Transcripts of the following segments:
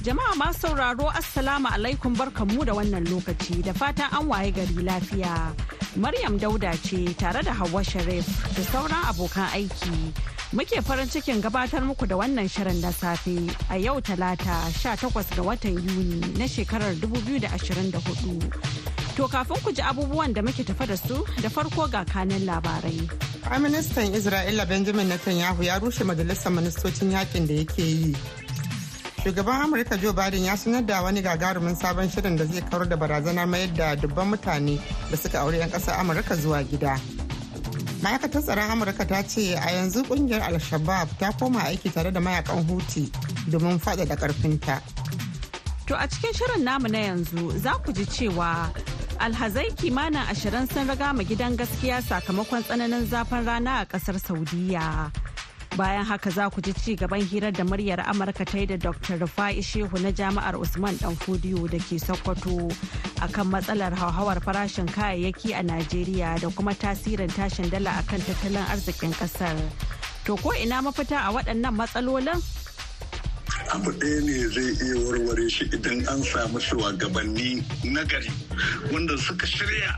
Jama'a masu sauraro Assalamu alaikum barkamu da wannan lokaci da fatan an waye gari lafiya. Maryam Dauda ce tare da Hauwa Sharif da sauran abokan aiki. Muke farin cikin gabatar muku da wannan shirin na safe a yau talata 18 ga watan Yuni na shekarar 2024. To kafin ku ji abubuwan da muke tafa da su da farko ga kanin labarai. Firaministan Isra'ila Benjamin Netanyahu ya rushe majalisar ministocin yakin da yake yi shugaban amurka joe biden ya sanar da wani gagarumin sabon shirin da zai kawar da barazana mayar da dubban mutane da suka aure 'yan ƙasar amurka zuwa gida ma'aikatar tsaron amurka ta ce a yanzu kungiyar al-shabab ta koma aiki tare da mayakan huti domin da ƙarfinta to a cikin shirin namu na yanzu za ku ji cewa alhazai kimanin ashirin sun ragama gidan gaskiya sakamakon tsananin zafin rana a ƙasar saudiya bayan haka za ku ji ci gaban hirar da muryar amurka ta yi da dr rufai shehu na jami'ar usman dan fudiyo da ke sokoto akan matsalar hauhawar farashin kayayyaki a najeriya da kuma tasirin tashin dala akan tattalin arzikin kasar to ko ina mafita a waɗannan matsalolin abu ɗaya ne zai iya warware shi idan an samu shugabanni nagari wanda suka shirya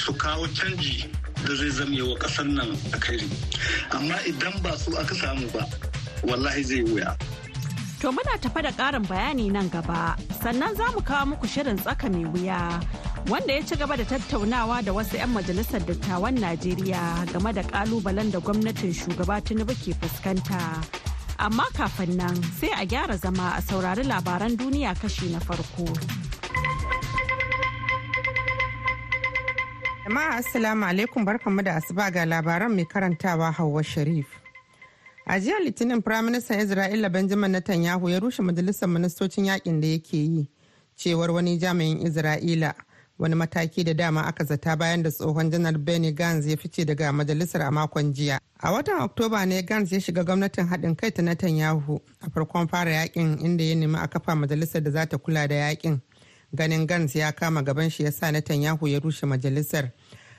su kawo canji da zai zame wa ƙasar nan a kai amma idan ba su aka samu ba wallahi zai wuya To muna tafa da ƙarin bayani nan gaba, sannan za mu kawo muku shirin tsaka mai wuya, wanda ya ci gaba da tattaunawa da wasu 'yan majalisar dattawan Najeriya game da ƙalubalen da gwamnatin shugaba Tinubu ke fuskanta. Amma kafin nan sai a gyara zama a saurari labaran duniya kashi na farko. jama'a assalamu alaikum barkanmu da asuba ga labaran mai karantawa hauwa sharif a jiya litinin firaministan isra'ila benjamin netanyahu ya rushe majalisar ministocin yakin da yake yi cewar wani jami'in isra'ila wani mataki da dama aka zata bayan da tsohon janar benny gans ya fice daga majalisar a makon jiya a watan oktoba ne gans ya shiga gwamnatin haɗin kai ta netanyahu a farkon fara yakin inda ya nemi a kafa majalisar da za ta kula da yakin ganin gans ya kama gaban shi ya sa netanyahu ya rushe majalisar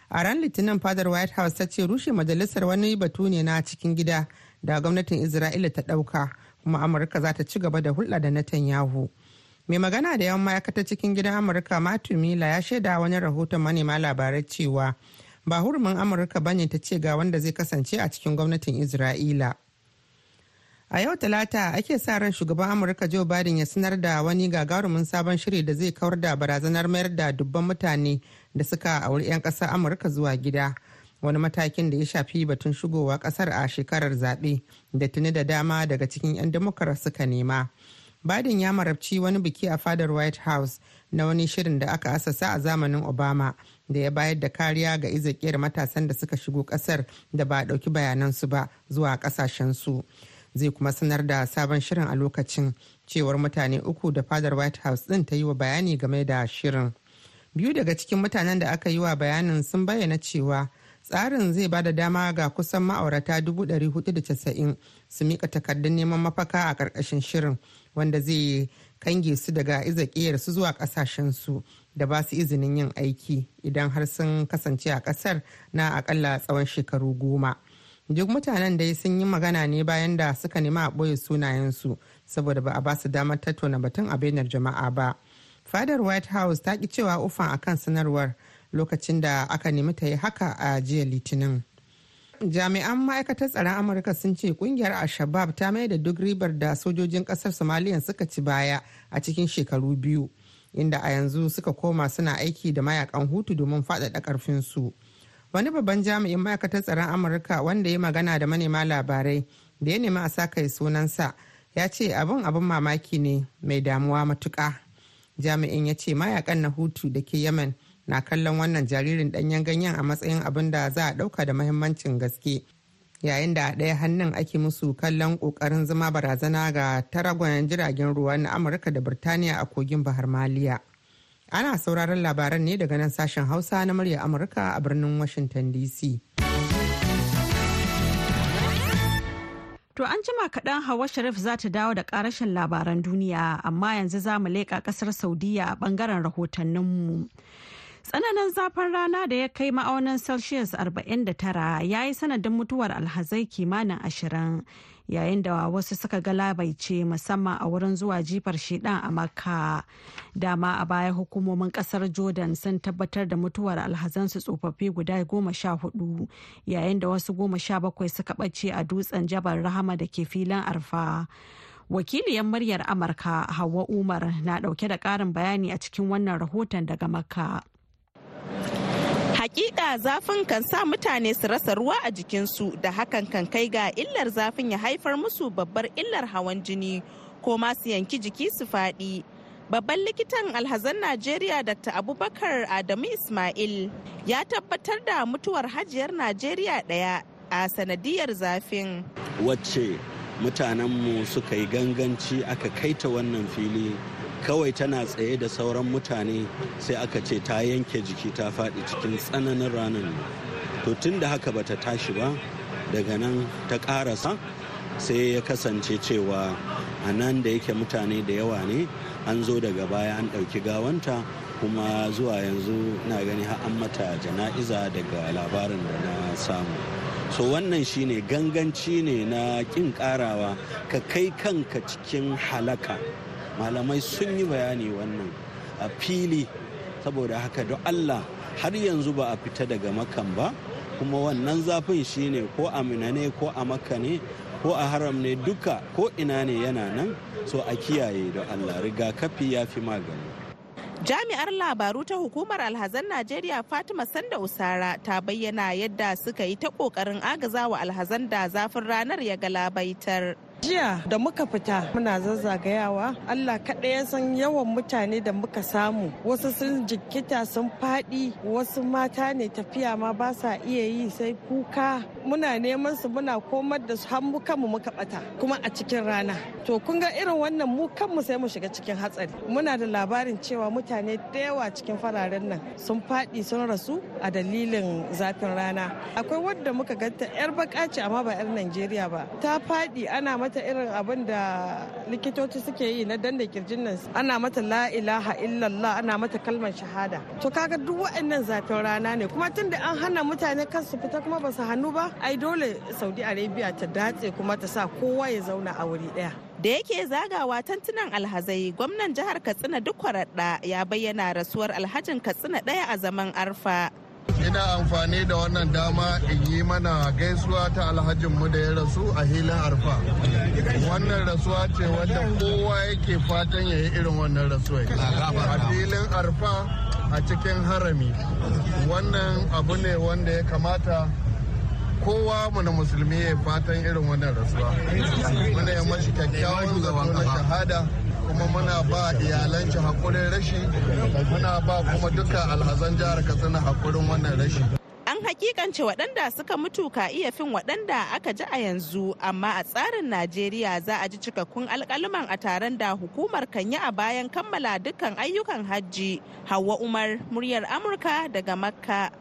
a ran litinin fadar white house ta ce rushe majalisar wani batu ne na cikin gida da gwamnatin isra'ila ta ɗauka kuma amurka za ta ci gaba da hulɗa da na netanyahu mai magana da yawan ma'aikata cikin gidan amurka matthew miller ya shaida wani rahoton manema labarai cewa ba hurumin amurka bane ta ce ga wanda zai kasance a cikin gwamnatin isra'ila A yau Talata ake sa ran shugaban Amurka Joe Biden ya sanar da wani gagarumin sabon shiri da zai kawar da barazanar mayar da dubban mutane da suka auri 'yan ƙasar Amurka zuwa gida. Wani matakin da ya shafi batun shigowa ƙasar a shekarar zaɓe da tuni da dama daga cikin 'yan Democrat suka nema. Biden ya marabci wani biki a fadar White House na wani shirin da aka asasa a zamanin Obama da ya bayar da kariya ga izakiyar matasan da suka shigo ƙasar da ba a ɗauki bayanansu ba zuwa ƙasashensu. su. zai kuma sanar da sabon shirin a lokacin cewar mutane uku da fadar white house din ta yi wa bayani game da shirin biyu daga cikin mutanen da aka yi wa bayanin sun bayyana cewa tsarin zai ba da dama ga kusan ma'aurata 490 su mika takardun neman mafaka a ƙarƙashin shirin wanda zai kange su daga izakiyar su zuwa su da ba su izinin yin aiki idan har sun kasance a ƙasar na akalla tsawon shekaru goma. duk mutanen dai sun yi magana ne bayan da suka nemi a ɓoye sunayensu saboda ba a ba su damar tattauna batun a bainar jama'a ba fadar white house ta ki cewa ufan akan sanarwar lokacin da aka nemi ta yi haka a jiya litinin jami'an ma'aikatar tsaron amurka sun ce kungiyar al ta mai da duk ribar da sojojin kasar somaliya suka ci baya a cikin shekaru biyu inda a yanzu suka koma suna aiki da mayakan hutu domin faɗaɗa ƙarfinsu wani babban jami'in ma'aikatar tsaron amurka wanda ya magana da manema labarai da ya nemi a sa kai sunansa ya ce abin abin mamaki ne mai damuwa matuka jami'in ya ce mayakan na hutu da ke yemen na kallon wannan jaririn danyen ganyen a matsayin abin da za a dauka da mahimmancin gaske yayin da a ɗaya hannun ake musu kallon kokarin zama barazana ga taragon jiragen ruwa na amurka da birtaniya a kogin bahar maliya Ana sauraron labaran ne daga nan sashen Hausa na murya Amurka a birnin Washington DC. To an jima kaɗan Hawa Sharif za ta dawo da ƙarashin labaran duniya, amma yanzu za mu leƙa ƙasar Saudiya a ɓangaren rahotanninmu. Tsananin zafin rana da ya kai ma'aunin Celsius 49 ya yi sanadin mutuwar alhazai kimanin ashirin yayin da wasu suka galabaice musamman a wurin zuwa jifar shidan a makka dama a baya hukumomin kasar jordan sun tabbatar da mutuwar alhazansu tsofaffi guda goma sha hudu yayin da wasu goma sha bakwai suka ɓace a dutsen jabar rahama da ke filin arfa wakiliyar muryar amurka hawa umar na ɗauke da ƙarin bayani a cikin wannan rahoton daga makka Hakika zafin kan sa mutane su rasa ruwa a jikinsu da hakan kan kai ga illar zafin ya haifar musu babbar illar hawan jini ko masu yanki jiki su faɗi. Babban likitan alhazan Najeriya Dr. Abubakar Adamu Ismail ya tabbatar da mutuwar hajiyar Najeriya ɗaya a sanadiyar zafin. Wacce mutanenmu suka yi ganganci aka kaita wannan fili kawai tana tsaye da sauran mutane sai aka ce ta yanke jiki ta faɗi cikin tsananin ranar to tun da haka bata tashi ba daga nan ta ƙarasa sai ya kasance cewa a nan da yake mutane da yawa ne an zo daga baya an ɗauki gawanta kuma zuwa yanzu na gani har an mata jana'iza daga labarin da na samu so wannan shine ganganci ne na ƙin ƙarawa ka kai kanka cikin halaka malamai sun yi bayani wannan a fili saboda haka don allah har yanzu ba a fita daga makan ba kuma wannan zafin shine ko a mina ko a maka ne ko a haram ne duka ko ina ne yana nan so a kiyaye don allah rigakafi ya fi magani jami'ar labaru ta hukumar alhazan najeriya fatima sanda usara ta bayyana yadda suka yi ta kokarin wa alhazan da zafin ranar ya galabaitar jiya da muka fita muna zazzagayawa allah kaɗai ya san yawan mutane da muka samu wasu sun jikita sun faɗi wasu mata ne tafiya ma ba sa iya yi sai kuka muna neman su muna komar da su har mu kanmu muka bata kuma a cikin rana to kun ga irin wannan mu kanmu sai mu shiga cikin hatsari muna da labarin cewa mutane da yawa cikin fararen nan sun faɗi sun rasu a dalilin zafin rana akwai wadda muka ganta yar baka amma ba yar najeriya ba ta faɗi ana mata mata irin abin da likitoci suke yi na danda kirjin nan ana mata la ilaha illallah ana mata kalmar shahada to kaga duk wa'annan zafin rana ne kuma tun da an hana mutane kan su fita kuma ba su hannu ba ai dole saudi arabia ta datse kuma ta sa kowa ya zauna a wuri daya da yake zagawa tantunan alhazai gwamnan jihar katsina duk kwaradda ya bayyana rasuwar alhajin katsina daya a zaman arfa ina amfani da wannan dama in yi mana gaisuwa ta mu da ya rasu a hilin arfa wannan rasuwa ce wadda kowa yake fatan ya yi irin wannan rasuwa a filin arfa a cikin harami wannan abu ne wanda ya kamata kowa mu musulmi ya fatan irin wannan rasuwa muna yi mashi kyakkyawan zaban shahada kuma muna ba iyalan shi hakurin rashi muna ba kuma duka alhazan jihar katsina hakurin wannan rashi an hakikance waɗanda suka mutu ka iya fin waɗanda aka ji a yanzu amma a tsarin najeriya za a ji cikakkun alkaliman a taron da hukumar kan yi a bayan kammala dukkan ayyukan hajji hawa umar muryar amurka daga makka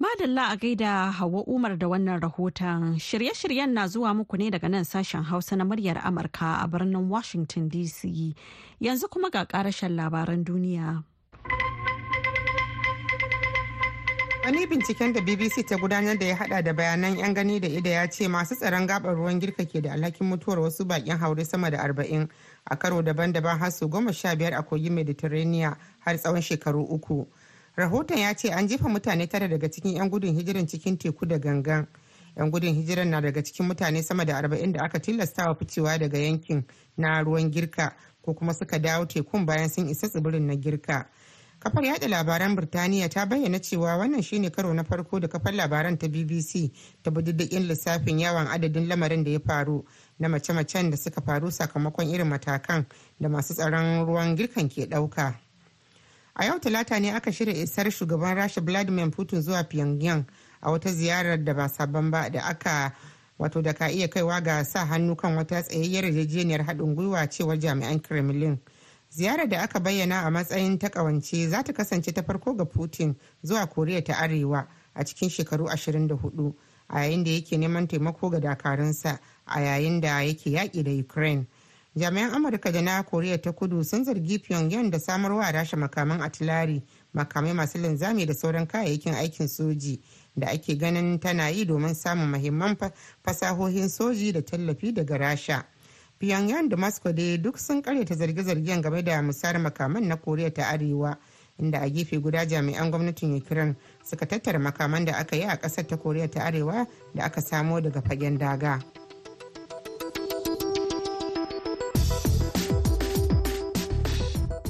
Madalla a gaida Hauwa Umar da wannan rahoton shirye-shiryen na zuwa muku ne daga nan sashen Hausa na muryar Amurka a birnin Washington DC. Yanzu kuma ga karashen labaran duniya. Wani binciken da BBC ta gudanar da ya hada da bayanan 'yan gani da ida ya ce masu tsaron gabar ruwan girka ke da alhakin mutuwar wasu bakin haure sama da arba'in a karo daban-daban har su goma sha biyar a kogin Mediterranean har tsawon shekaru uku. rahoton ya ce an jefa mutane tara daga cikin 'yan gudun hijiran cikin teku da gangan 'yan gudun hijiran na daga cikin mutane sama da arba'in da aka tilastawa ficewa daga yankin na ruwan girka ko kuma suka dawo tekun bayan sun isa tsibirin na girka kafar yada labaran birtaniya ta bayyana cewa wannan shine karo na farko da kafar labaran ta bbc ta diddikin lissafin yawan adadin lamarin da ya faru na mace-macen da suka faru sakamakon irin matakan da masu tsaron ruwan girkan ke ɗauka. a yau talata ne aka shirya isar shugaban rasha vladimir putin zuwa pyongyang a wata ziyarar da ba sabon ba da aka wato da ka iya kaiwa ga sa hannu kan wata tsayayyar yarjejeniyar haɗin gwiwa cewa jami'an kremlin ziyarar da aka bayyana a matsayin ta ƙawance za ta kasance ta farko ga putin zuwa koriya ta arewa a cikin shekaru 24 a yayin da yake neman taimako ga dakarunsa a yayin da yake yaƙi da ukraine jami'an amurka da na koriya ta kudu sun zargi pyongyang da samarwa rasha makaman atilari makamai masu linzami da sauran kayayyakin aikin soji da ake ganin tana yi domin samun mahimman fasahohin soji da tallafi daga rasha pyongyang da moscow dai duk sun karyata zarge-zargen game da musayar makaman na koriya ta arewa inda a gefe guda jami'an gwamnatin ukraine suka tattara makaman da aka yi a ƙasar ta koriya ta arewa da aka samo daga fagen daga.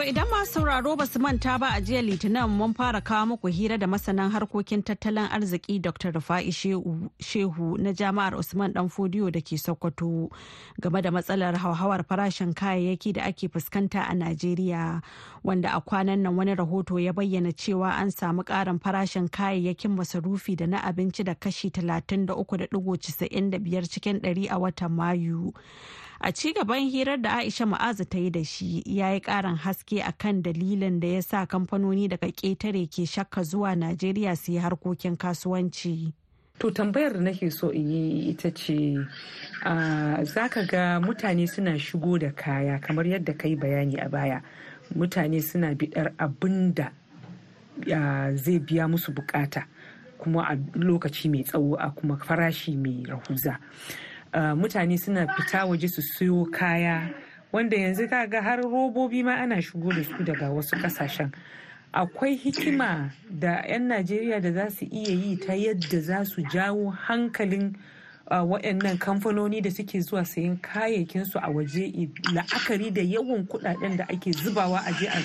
To idan ma sauraro ba su manta ba a jiya litinin mun fara kawo muku hira da masanan harkokin tattalin arziki Dr. Rufa'i Shehu na Jami'ar Usman fodiyo da ke Sokoto game da matsalar hauhawar farashin kayayyaki da ake fuskanta a Najeriya wanda a kwanan nan wani rahoto ya bayyana cewa an samu ƙarin farashin kayayyakin masarufi da na abinci da kashi 33.95 cikin 100 a watan Mayu. a ci gaban hirar da aisha ma'azu ta yi da shi ya yi karin haske a kan dalilin da ya sa kamfanoni daga ƙetare ke shakka zuwa najeriya su yi harkokin kasuwanci to tambayar da nake so in yi ita ce za ka ga mutane suna shigo da kaya kamar yadda ka yi bayani a baya mutane suna biɗar abin da zai biya musu bukata kuma a lokaci mai tsawo a kuma farashi mai rahuza Eh, mutane suna fita waje su siyo kaya wanda yanzu ga har robobi ma ana shigo da su daga wasu kasashen akwai hikima da 'yan najeriya da za su iya yi ta yadda za su jawo hankalin eh, waɗannan kamfanoni da suke zuwa sayan kayayyakinsu a waje la'akari da yawan kuɗaɗen da ake zubawa a je a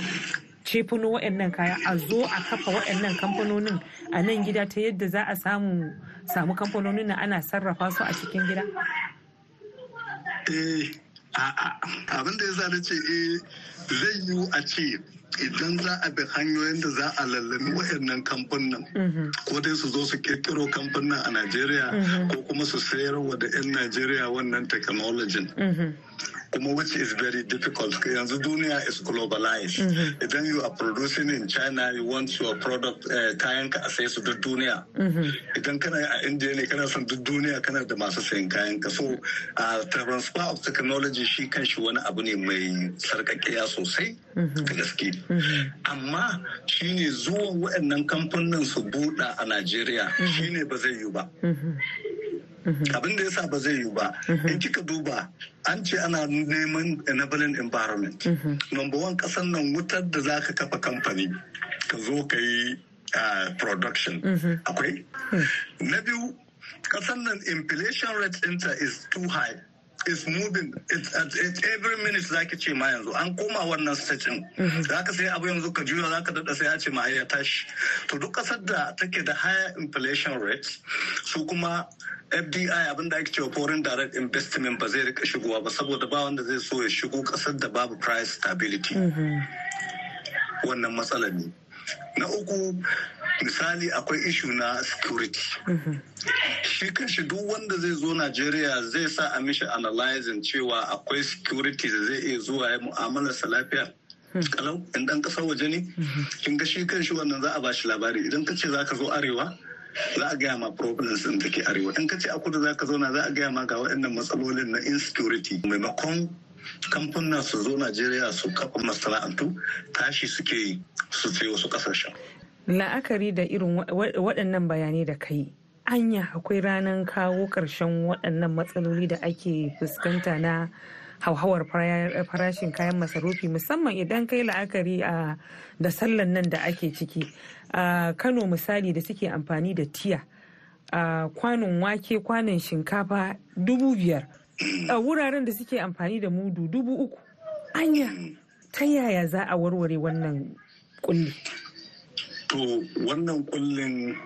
cefuno waɗannan kaya a zo a kafa waɗannan kamfanonin a nan gida ta yadda za a samu kamfanonin kamfanonin ana sarrafa su a cikin gida eh a'a abin da yasa da ce eh zai yiwu a ce idan za a bi hanyoyin da za a lallami wayannan kamfanin mhm. ko dai su zo su kirkiro kamfanin a najeriya mhm. ko kuma su sayar wa da 'yan najeriya wannan technology mhm. kuma which is very difficult yanzu duniya is globalized idan mm-hmm. you are producing in china you want your product eh, kayan ka a sai su duk duniya idan kana a ah, india ne kana son duk duniya kana da masu sayan kayan ka so ah, transfer of technology shi kan shi wani abu ne mai sarkakiya sosai mm-hmm. da gaske mm-hmm. amma shine zuwan waɗannan kamfanin su buɗa a najeriya shine ba zai yiwu ba Mhm. abin da yasa ba zai yiwu ba mhm. in kika duba an ce ana neman enabling environment mhm. number one kasan nan wutar da za ka kafa kamfani ka zo ka yi production akwai hmm. na biyu kasan nan inflation rate inter is too high is moving at every minute za ce ma yanzu an koma wannan sacin mhm. za ka sai abu yanzu ka juya za ka daɗa sai a ce ma ya tashi to duk kasar da take da higher inflation rates su kuma fdi abin da ake cewa foreign direct investment ba zai rika shigowa ba saboda ba wanda zai so ya shigo kasar da babu price stability mhm. wannan matsalar ne na uku misali akwai ishu na security mhm. shi shi duk wanda zai zo najeriya zai sa a mishi analyzing cewa akwai security da zai iya zuwa ya mu'amala sa lafiya mhm. kalau in dan kasa waje ne mhm. kin ga shi kanshi wannan za a ba shi labari idan ka ce za ka zo arewa za a gaya ma problems din take arewa in ka ce a kudu za ka na za a gaya ma ga waɗannan matsalolin na insecurity maimakon kamfanin su zo najeriya su kafa masana'antu tashi suke yi su sayo wasu kasashen la'akari da irin waɗannan bayanai da kai anya akwai ranar kawo ƙarshen waɗannan matsaloli da ake fuskanta na hauhawar farashin kayan masarufi musamman idan kai la'akari a da sallan nan da ake ciki a kano misali da suke amfani da tiya a kwanon wake kwanon shinkafa dubu biyar a wuraren da suke amfani da mudu dubu uku anya ta yaya za a warware wannan kulli to wannan kullin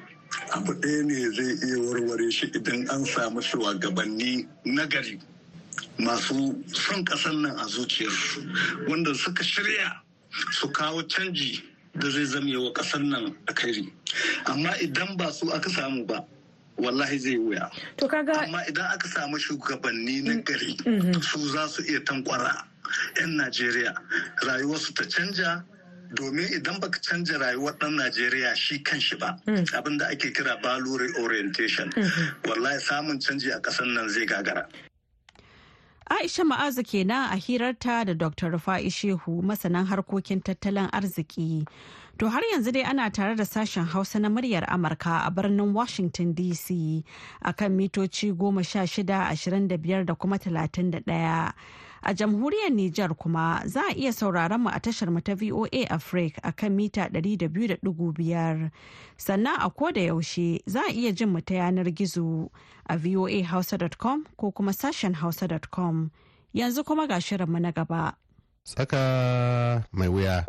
abu ɗaya ne zai iya warware shi idan an samu shugabanni nagari masu son ƙasar nan a zuciyarsu wanda suka shirya su kawo canji da zai zamewa ƙasar nan a kairi amma idan ba su aka samu ba wallahi zai wuya amma idan aka samu shugabanni mm-hmm. na gari su za su iya tankwara 'yan najeriya rayuwarsu ta canja domin idan baka canza rayuwar ɗan Najeriya shi kan shi ba hmm. abin da ake kira value orientation hmm, hmm. wallahi samun canji a ƙasar nan zai gagara. Aisha Ma'azu kenan a hirarta da Dr. Rufa'i Shehu masanan harkokin tattalin arziki. To har yanzu dai ana tare da sashen Hausa na muryar Amurka a birnin Washington DC akan mitoci goma sha shida ashirin da kuma talatin ɗaya. A jamhuriyar Nijar kuma za a iya sauraron mu a tashar mu ta VOA Africa a kan mita 200.5. Sannan a koda yaushe za a iya jin mu ta yanar gizo a voahausa.com ko kuma sashen hausa.com. Yanzu kuma ga shirinmu na gaba. Tsaka mai wuya.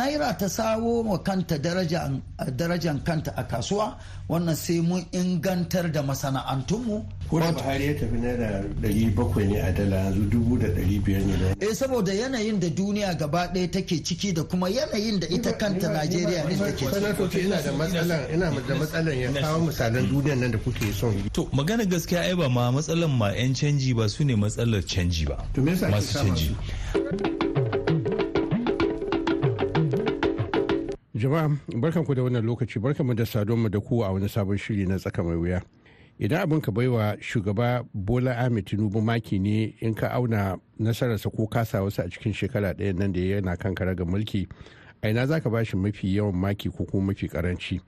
naira ta sawo wa kanta darajan kanta a kasuwa wannan sai mun ingantar da masana'antunmu kuma buhari ya tafi naira ɗari bakwai ne a dala yanzu dubu da ɗari biyar ne eh saboda yanayin da duniya gaba ɗaya take ciki da kuma yanayin da ita kanta najeriya ne take ciki ina da matsalan ina da matsalan ya kawo misalan duniyan nan da kuke son to magana gaskiya ai ba ma matsalan ma yan canji ba su ne matsalar canji ba masu canji Jama'a barkanku da wannan lokaci mu da sadonmu da ku a wani sabon shiri na tsaka mai wuya. Idan abin ka baiwa shugaba Bola Ahmed Tinubu maki ne in ka auna nasararsa ko kasa wasu a cikin shekara ɗaya nan da yana kan ga mulki a ina za ka ba shi mafi yawan maki ko kuma mafi karanci.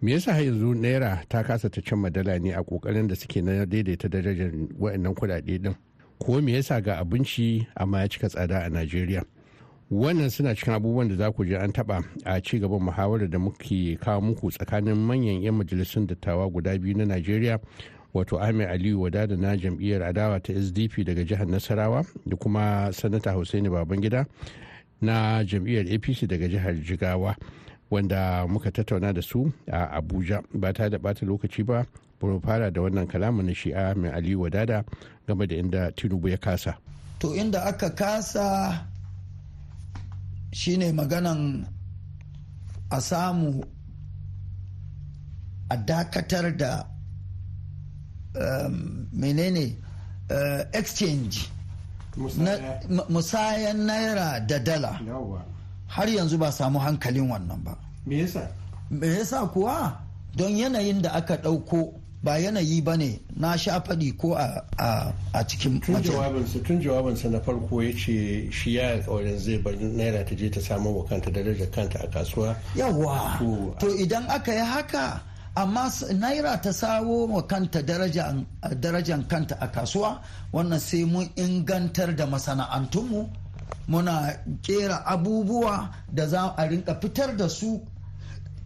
Me yasa har yanzu naira ta kasa ta cimma dala ne a kokarin da suke na daidaita darajar waɗannan kuɗaɗe din? Ko me yasa ga abinci amma ya cika tsada a Najeriya? wannan suna cikin abubuwan da za ku ji an taba a ci gaban muhawarar da muke kawo muku tsakanin manyan 'yan majalisun dattawa guda biyu na najeriya wato ahmed aliyu wada da na jam'iyyar adawa ta sdp daga jihar nasarawa da kuma sanata hussaini babangida na jam'iyyar apc daga jihar jigawa wanda muka tattauna da su a abuja ba ta da bata lokaci ba mu fara da wannan kalamin na shi mai aliyu wadada game da inda tinubu ya kasa to inda aka kasa shine maganan a samu a dakatar da um, menene uh, exchange musayan naira da dala har yanzu ba samu hankalin wannan ba me yasa me yasa kuwa don yanayin da aka ɗauko ba yanayi ba ne na sha faɗi ko a cikin tun jawabinsa na farko ya ce shi ya zai bar naira ta je ta samu wa kanta darajar kanta a kasuwa yawa to idan aka yi haka amma naira ta samo wa kanta darajan kanta a kasuwa wannan sai mun ingantar da masana'antunmu muna kera abubuwa da za a rinka fitar da su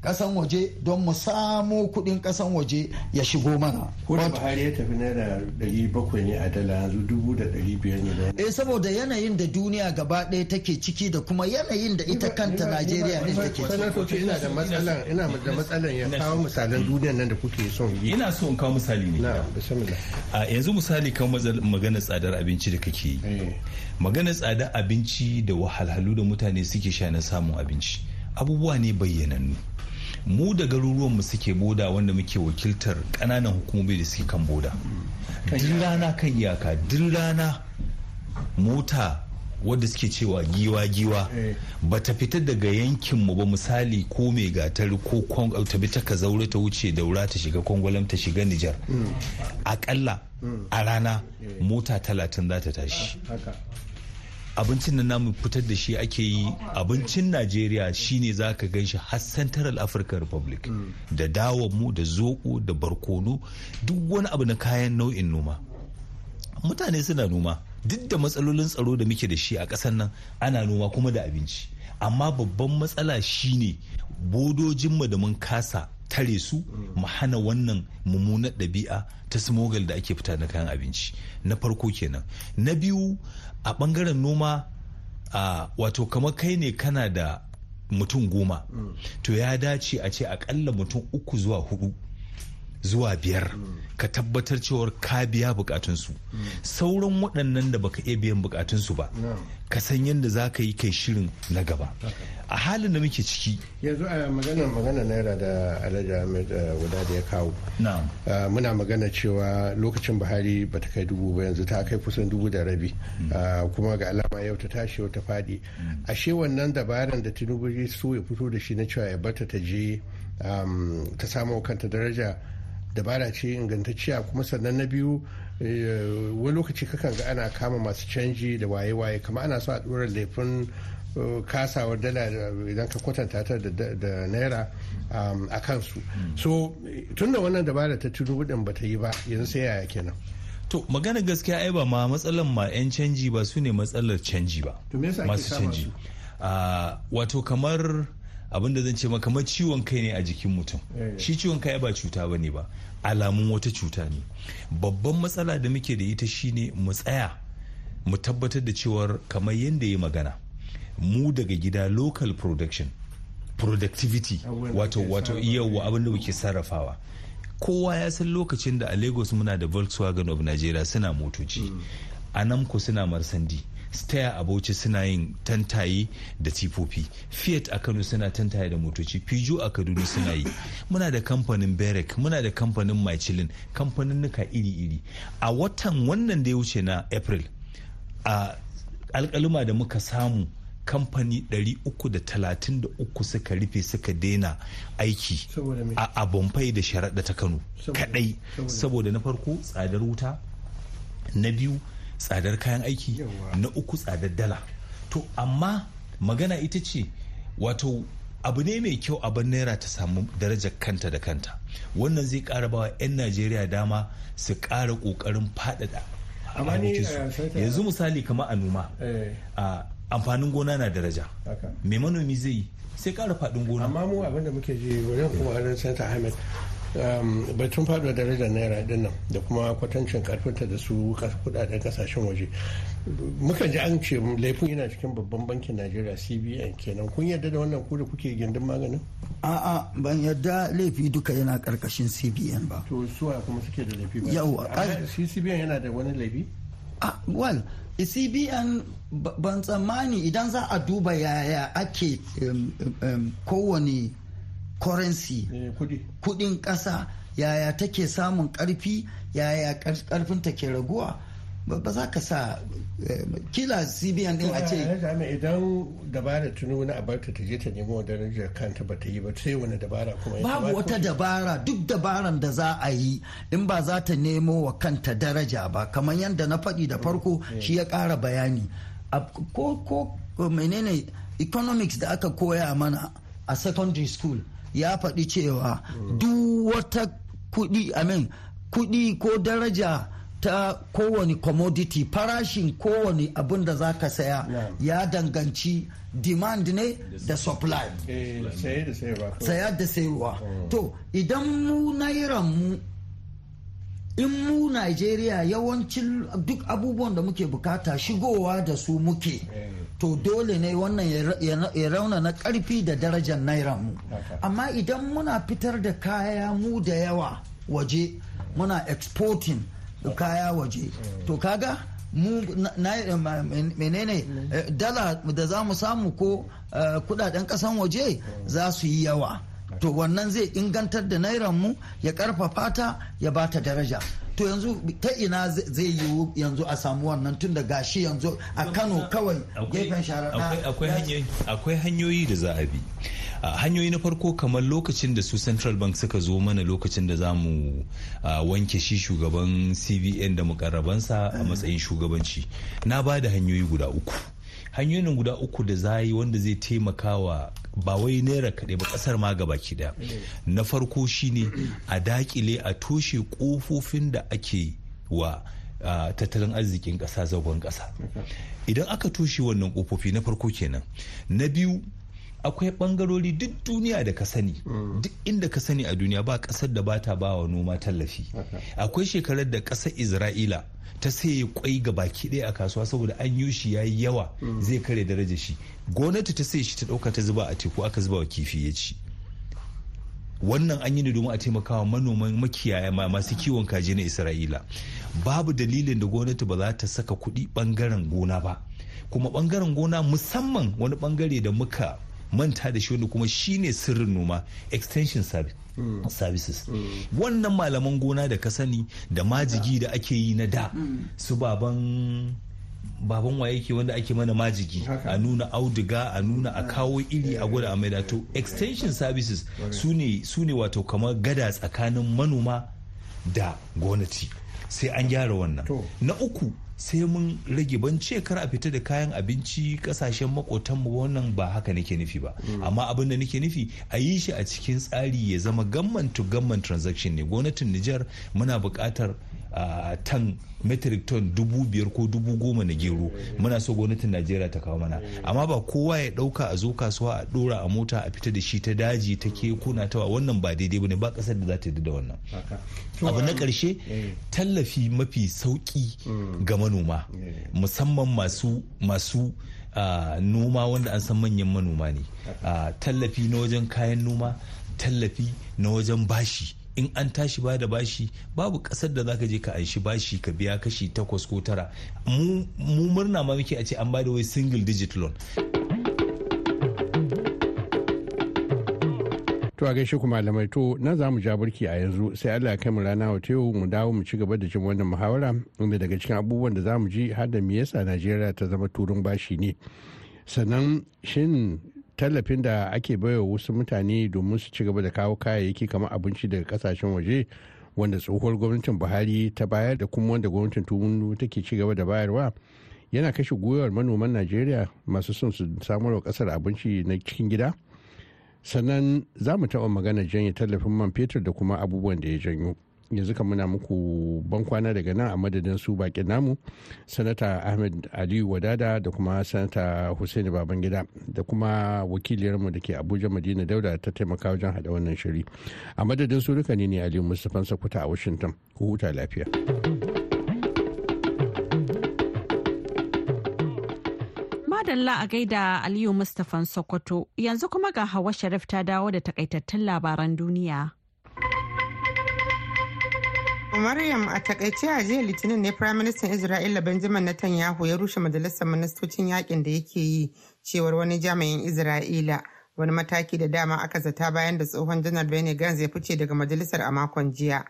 kasan waje don mu samu kuɗin kasan waje ya shigo mana. Kuma Buhari ya tafi naira ɗari bakwai ne a dala yanzu dubu da ɗari biyar ne. Eh saboda yanayin da duniya gaba ɗaya take ciki da kuma yanayin da ita kanta Najeriya ne take. Sanatoci ina da matsalan ina da matsalan ya kawo misalan duniyan nan da kuke son yi. Ina so in kawo misali ne. Na yanzu misali kan magana tsadar abinci da kake yi. Eh. Magana tsadar abinci da wahalhalu da mutane suke sha na samun abinci. Abubuwa ne bayyanannu. mu da garuruwan mu suke boda wanda muke wakiltar kananan hukumomi da suke kan boda duk rana kan iyaka duk rana mota wadda suke cewa giwa-giwa eh. ba ta fita daga yankinmu ba misali ko mai gatari ko ta bi ta zaure ta wuce daura ta shiga kwangwalam ta shiga nijar hmm. akalla hmm. a rana eh. mota talatin za ta tashi abincin da namu fitar da shi ake yi abincin najeriya shine za ka gan shi har central african republic mm. da dawonmu da zoko da barkono duk wani abu na kayan nau'in noma mutane suna noma duk da matsalolin tsaro da muke da shi a ƙasar nan ana noma kuma da abinci amma babban matsala shine bodojinmu da mun kasa tare su mu hana wannan mummunar ɗabi'a ta smogal da ake fita na kayan abinci na farko kenan na biyu a ɓangaren noma a wato kamar kai ne kana da mutum goma to ya dace a ce akalla mutum uku zuwa hudu zuwa biyar ka tabbatar cewar ka biya bukatunsu sauran waɗannan da baka iya biyan bukatunsu ba ka san yadda za ka yi kai shirin na gaba a halin da muke ciki yanzu a eh, magana magana naira da alhaji ahmed guda eh, da ya kawo eh, muna magana cewa lokacin buhari ba ta kai dubu ba yanzu ta kai kusan dubu da rabi hmm. kuma ga alama yau ta tashi yau ta fadi hmm. ashe wannan dabaran da tinubu so ya fito da shi na cewa ya bata ta je um, ta samu kanta daraja dabara ce ingantacciya kuma sannan na biyu eh, wani lokaci kakan ga ana kama masu canji da waye-waye kama ana so a ɗora laifin eh, kasawar dala idan ka kwatanta ta da naira um, a kansu so da wannan dabara ta tudu ba ta yi ba yanzu sai yaya kenan to magana gaskiya ai ba ma matsalar ma 'yan canji ba su ne matsalar canji ba masu canji ah, wato kamar abinda zan ce maka kamar ciwon kai ne a jikin mutum eh. shi ciwon kai ba cuta bane ba alamun wata cuta ne babban matsala da muke da ita shine mu tsaya mu tabbatar da cewar kamar yadda ya magana mu daga gida local production productivity wato wato yawa abinda muke sarrafawa kowa ya san lokacin da a lagos muna da volkswagen of nigeria suna motoci hmm. a namko suna marsandi staya a bauchi suna yin tantaye da tifofi fiat a kano suna tantaye da motoci pijo a kaduna suna yi muna da kamfanin berek muna da kamfanin michelin kamfanin nuka iri-iri a watan wannan da ya wuce na april a alkaluma da muka samu kamfani 333 suka rufe suka daina aiki a Bombay da sharaɗa ta kano kadai saboda na farko tsadar wuta na biyu tsadar kayan aiki na uku tsadar dala to amma magana ita ce wato abu ne mai kyau abin naira ta samu darajar kanta da kanta wannan zai kara bawa 'yan najeriya dama su kara kokarin faɗaɗa eh, yanzu misali kamar a noma eh. amfanin gona na daraja mai manomi zai yi sai kara fadin gona amma mu abinda muke ji wajen kuma ranar santa ahmed Ehm, batun da darajar naira din da kuma kwatancin karfinta da su kudaden kasashen waje muka ji an ce laifin yana cikin babban bankin najeriya cbn kenan kun yarda da wannan ku da kuke gindin maganin a'a ban yarda laifi duka yana karkashin cbn ba to suwa kuma suke da laifi ba yau a cbn yana da wani laifi a wal cbn ban tsammani idan za a duba yaya ake ehm, ehm, kowane currency eh, kudin ƙasa yaya take samun ƙarfi yaya ta ke raguwa ba za ka sa eh, kila cbn din a ce eh, idan dabara tuni wani abarta ta je ta nemo wa rajar kanta ba ta yi ba sai wani dabara kuma babu wata dabara duk dabaran da za a yi in ba za ta nemo wa kanta daraja ba kamar yadda na faɗi da farko shi ya ƙara bayani ko menene economics da aka koya mana a secondary school ya faɗi cewa duk wata kuɗi amin kuɗi ko daraja ta kowane commodity farashin kowane abin da za ka saya ya danganci demand ne da supply eh, saya da sayarwa hmm. to idan mu nairan mu in mu nigeria yawancin duk abubuwan da muke bukata shigowa da su muke. Eh. to dole ne wannan ya rauna na karfi da darajar naira mu amma idan muna fitar da kaya mu da yawa waje muna exporting kaya waje to kaga mu menene eh, dala da za mu samu ko eh, kudaden kasan waje za su yi yawa to wannan zai ingantar da nairan mu ya karfafa ta ya ba ta daraja to yanzu ta ina zai yiwu yanzu a samu wannan tun da gashi yanzu a kano kawai gefen akwai hanyoyi da za a bi hanyoyi na farko kamar lokacin da su central bank suka zo mana lokacin da za mu wanke shi shugaban cbn da mukarrabansa a matsayin shugabanci na ba da hanyoyi guda uku hanyoyin guda uku da za yi wanda zai taimaka wa ba wai naira kaɗai ba ƙasar ma gaba da mm. na farko shine a dakile a toshe ƙofofin da ake wa tattalin arzikin ƙasa zagon ƙasa idan aka toshe wannan ƙofofi na farko kenan na biyu akwai bangarori duk duniya da ka sani mm. duk inda ka sani a duniya ba kasar da bata ta ba wa noma tallafi akwai shekarar da kasar isra'ila ta saye kwai ga baki ɗaya a kasuwa saboda an yi shi yayi yawa mm. zai kare daraja shi gwamnati ta saye shi ta ɗauka ta zuba a teku aka zuba wa kifi ya ci wannan an yi ne domin a taimakawa manoman makiyaya masu kiwon kaji na isra'ila babu dalilin da gwamnati ba za ta saka kuɗi bangaren gona ba kuma bangaren gona musamman wani bangare da muka manta da shi wanda kuma shine sirrin noma extension service services wannan malaman gona da ka sani da majigi da ake yi na da su baban baban waye ke wanda ake mana majigi a nuna auduga a nuna a kawo iri a gwada a maida to eh. extension services su ne wato kamar gada tsakanin manoma da gwamnati sai an gyara wannan na uku sai mun rage ban ce kar a fita da kayan abinci kasashen makotanmu wannan ba haka nake nufi ba mm. amma abin da nake nufi a yi shi a cikin tsari ya zama gamman to gamman transaction ne gwamnatin Nijar muna buƙatar tan metric ton dubu biyar ko dubu goma na gero muna so gwamnatin najeriya ta kawo mana amma ba kowa ya dauka a zo kasuwa a dora a mota a fita da shi ta daji ta ke kuna tawa wannan ba daidai bane ba kasar da za ta yi da wannan abu na karshe um, eh. tallafi mafi sauki mm. ga manoma eh. musamman masu masu noma wanda an san manyan manoma ne tallafi na wajen kayan noma tallafi na wajen bashi in an tashi ba da bashi babu kasar da zaka je ka aishi bashi ka biya kashi takwas ko tara mu murna ma muke a ce an ba da wai single digit loan To a gaishe ku malamai to na zamu mu ja burki a yanzu sai Allah ya kai mu rana wata yau mu dawo mu ci gaba da jin wannan muhawara inda daga cikin abubuwan da zamu mu ji har da me yasa Najeriya ta zama turun bashi ne. Sannan shin tallafin da ake baiwa wasu mutane domin su ci gaba da kawo kayayyaki kamar abinci daga kasashen waje wanda tsohuwar gwamnatin buhari ta bayar da kuma wanda gwamnatin tumundu take ci gaba da bayarwa yana kashe gwiwar manoman najeriya masu son su samar wa kasar abinci na cikin gida sannan za mu taɓa magana janye tallafin man fetur da kuma abubuwan da ya janyo yanzu kan muna muku bankwana daga nan a madadin su bakin namu sanata ahmed aliyu wadada da kuma sanata hussaini babangida da kuma wakiliyarmu da ke abuja madina dauda ta taimaka wajen haɗa wannan shiri a madadin su duka ne ne aliyu mustapha sakuta a washington ku huta lafiya madalla a gaida aliyu mustapha sokoto yanzu kuma ga hawa sharif ta dawo da takaitattun labaran duniya Maryam a takaice a jiya Litinin ne Firaministan Isra'ila Benjamin Netanyahu ya rushe majalisar ministocin yakin da yake yi cewar wani jami'in Isra'ila wani mataki da dama aka zata bayan da tsohon janar Benny Gantz ya fice daga majalisar a makon jiya.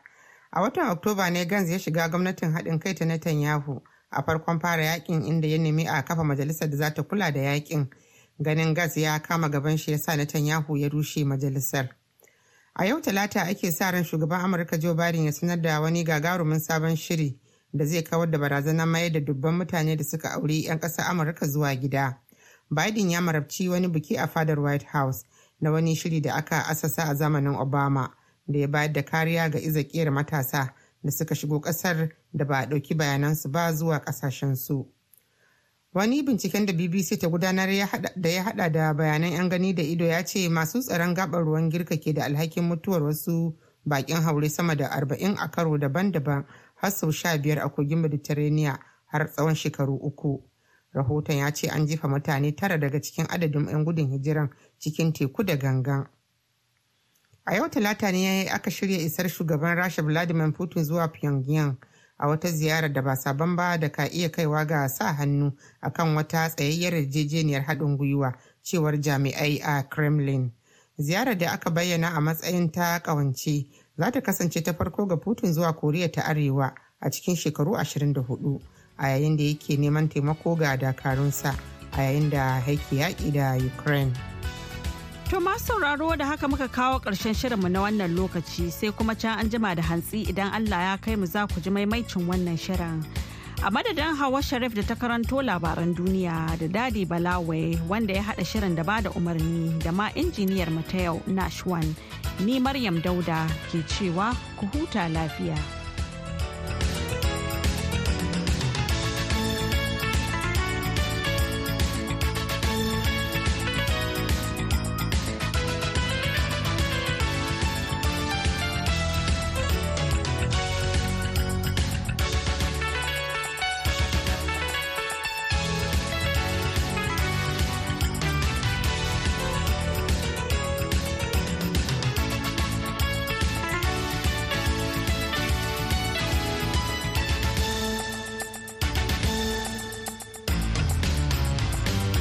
A watan Oktoba ne Gantz ya shiga gwamnatin haɗin kai ta Netanyahu a farkon fara yakin inda ya nemi a kafa majalisar da za ta kula da yakin. Ganin Gantz ya kama gaban shi ya sa Netanyahu ya rushe majalisar. A yau Talata ake sa ran shugaban Amurka Joe Biden ya sanar da wani gagarumin sabon shiri da zai kawar da barazanar mayar da dubban mutane da suka auri 'yan ƙasar Amurka zuwa gida. Biden ya marabci wani biki a fadar White House na wani shiri da aka asasa a zamanin Obama da ya bayar da kariya ga izakiyar matasa da suka shigo ƙasar da ba a ɗauki bayanansu ba zuwa ƙasashensu. su. Wani binciken da BBC ta gudanar da ya hada da bayanan 'yan gani da ido ya ce masu tsaron gabar ruwan girka ke da alhakin mutuwar wasu bakin haure sama da 40 a karo daban-daban har sau sha biyar a kogin Mediterranean har tsawon shekaru uku. Rahoton ya ce an jifa mutane tara daga cikin adadin 'yan gudun hijiran cikin teku da gangan. A yau talata ne aka shirya isar shugaban Rasha Vladimir Putin zuwa Pyongyang. a wata ziyara da ba sabon ba da ka iya kaiwa ga sa hannu akan wata tsayayyar yarjejeniyar haɗin gwiwa cewar jami'ai a kremlin ziyarar da aka bayyana a matsayin ta ƙawance za ta kasance ta farko ga putin zuwa koriya ta arewa a cikin shekaru 24 a yayin da yake neman taimako ga dakarunsa a yayin da haiki yaƙi da ukraine To ma sauraro da haka muka kawo ƙarshen shirinmu na wannan lokaci sai kuma can an jima da hantsi idan Allah ya kai mu za ku ji maimaicin wannan shirin. A madadin Hawa Sharif da ta karanto labaran duniya da Dadi Balawai wanda ya haɗa shirin da ba da umarni da ma injiniyar mu ta yau Nashwan. Ni Maryam Dauda ke cewa ku huta lafiya.